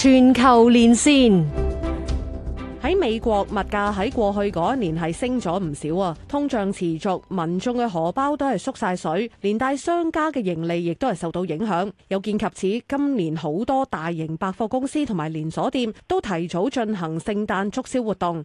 全球連線，喺美國，物價喺過去嗰一年係升咗唔少啊，通脹持續，民眾嘅荷包都係縮晒水，連帶商家嘅盈利亦都係受到影響。有見及此，今年好多大型百貨公司同埋連鎖店都提早進行聖誕促銷活動。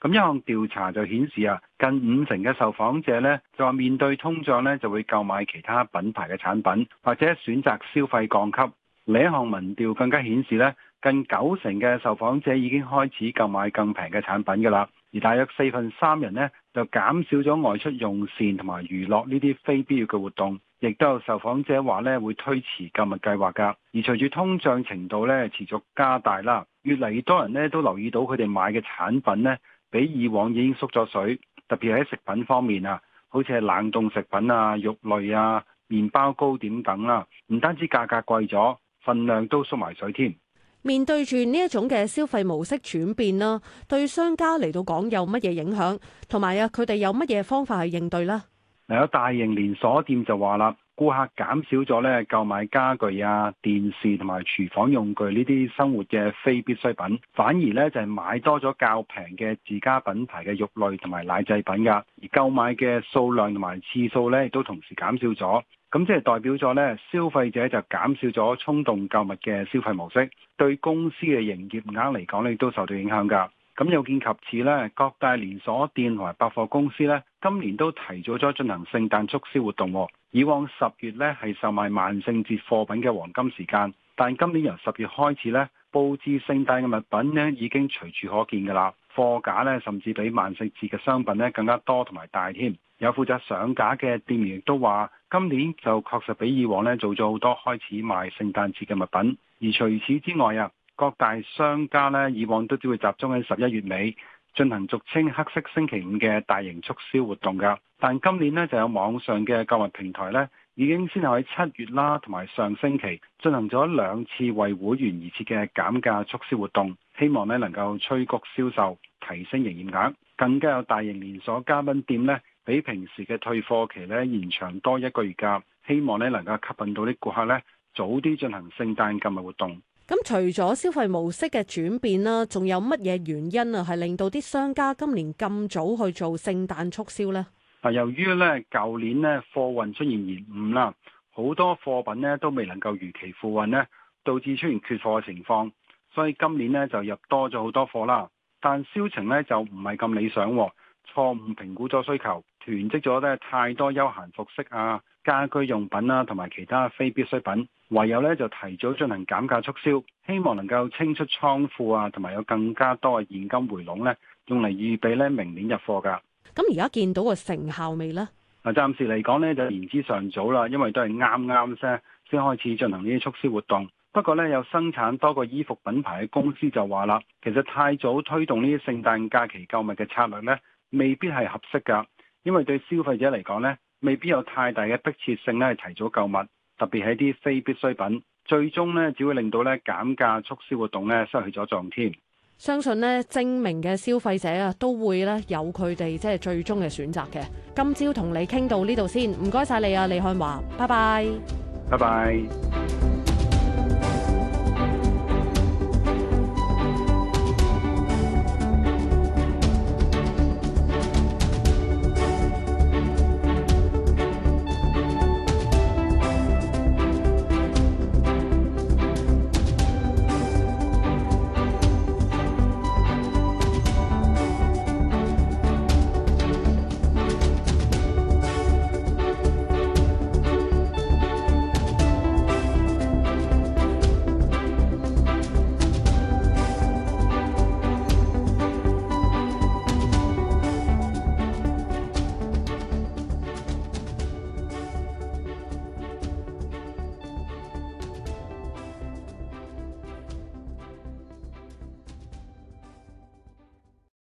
咁，一項調查就顯示啊，近五成嘅受訪者咧，就話面對通脹咧，就會購買其他品牌嘅產品，或者選擇消費降級。另一項民調更加顯示咧，近九成嘅受訪者已經開始購買更平嘅產品㗎啦。而大約四分三人咧，就減少咗外出用膳同埋娛樂呢啲非必要嘅活動。亦都有受訪者話咧，會推遲購物計劃㗎。而隨住通脹程度咧持續加大啦，越嚟越多人咧都留意到佢哋買嘅產品咧，比以往已經縮咗水，特別喺食品方面啊，好似係冷凍食品啊、肉類啊、麵包糕點等啦，唔單止價格貴咗，份量都縮埋水添。面對住呢一種嘅消費模式轉變啦，對商家嚟到講有乜嘢影響，同埋啊，佢哋有乜嘢方法去應對呢？嚟咗大型連鎖店就話啦。顧客減少咗咧購買家具啊、電視同埋廚房用具呢啲生活嘅非必需品，反而咧就係買多咗較平嘅自家品牌嘅肉類同埋奶製品噶，而購買嘅數量同埋次數咧亦都同時減少咗，咁即係代表咗咧消費者就減少咗衝動購物嘅消費模式，對公司嘅營業額嚟講咧亦都受到影響噶。咁又見及此呢，各大連鎖店同埋百貨公司呢，今年都提早咗進行聖誕促銷活動。以往十月呢係售賣萬聖節貨品嘅黃金時間，但今年由十月開始呢，佈置聖誕嘅物品呢已經隨處可見㗎啦。貨架呢甚至比萬聖節嘅商品呢更加多同埋大添。有負責上架嘅店員亦都話，今年就確實比以往呢做咗好多，開始賣聖誕節嘅物品。而除此之外啊～各大商家咧，以往都只會集中喺十一月尾進行俗稱黑色星期五嘅大型促銷活動㗎。但今年咧，就有網上嘅購物平台咧，已經先後喺七月啦，同埋上星期進行咗兩次為會員而設嘅減價促銷活動，希望咧能夠催谷銷售，提升營業額。更加有大型連鎖加盟店咧，比平時嘅退貨期咧延長多一個月㗎，希望咧能夠吸引到啲顧客咧早啲進行聖誕購物活動。咁除咗消費模式嘅轉變啦，仲有乜嘢原因啊？係令到啲商家今年咁早去做聖誕促銷呢？係由於咧舊年咧貨運出現延誤啦，好多貨品咧都未能夠如期付運咧，導致出現缺貨嘅情況，所以今年咧就入多咗好多貨啦，但銷情咧就唔係咁理想。錯誤評估咗需求，囤積咗咧太多休閒服飾啊、家居用品啊同埋其他非必需品，唯有咧就提早進行減價促銷，希望能夠清出倉庫啊，同埋有更加多嘅現金回籠咧，用嚟預備咧明年入貨㗎。咁而家見到個成效未呢？嗱，暫時嚟講咧就言之尚早啦，因為都係啱啱先先開始進行呢啲促銷活動。不過咧，有生產多個衣服品牌嘅公司就話啦，其實太早推動呢啲聖誕假期購物嘅策略咧。未必係合適噶因為對消費者嚟講呢，未必有太大嘅迫切性咧，提早購物，特別係啲非必需品，最終呢只會令到呢減價促銷活動呢失去咗作用添。相信呢，精明嘅消費者啊，都會咧有佢哋即係最終嘅選擇嘅。今朝同你傾到呢度先，唔該晒你啊，李漢華，拜拜，拜拜。